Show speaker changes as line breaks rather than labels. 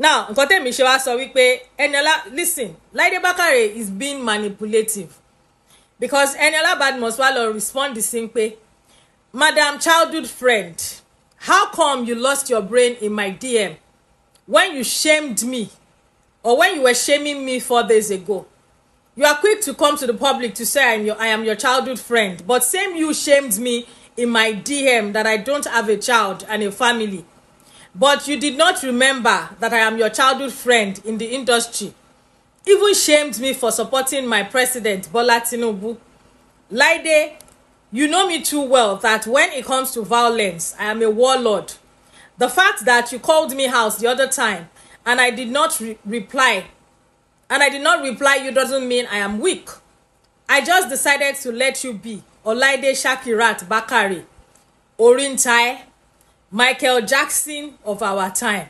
now nǹkan tẹ̀mí ṣe wá sọ wípé Eniola listen Laide Bakare is being manipulative because Eniola Badmus wá lọ respond the same pé madam childhood friend how come you lost your brain in my DM when you shamed me or when you were shaming me four days ago you are quick to come to the public to say I am your, I am your childhood friend but same you shamed me in my DM that I don't have a child and a family but you did not remember that I am your childhood friend in the industry. Even shamed me for supporting my president, Bola Tinubu. Laide, you know me too well that when it comes to violence, I am a warlord. The fact that you called me house the other time and I did not re reply, and I did not reply you doesn't mean I am weak. I just decided to let you be Olaide Shakirat Bakari, Orintai, michael jackson of our time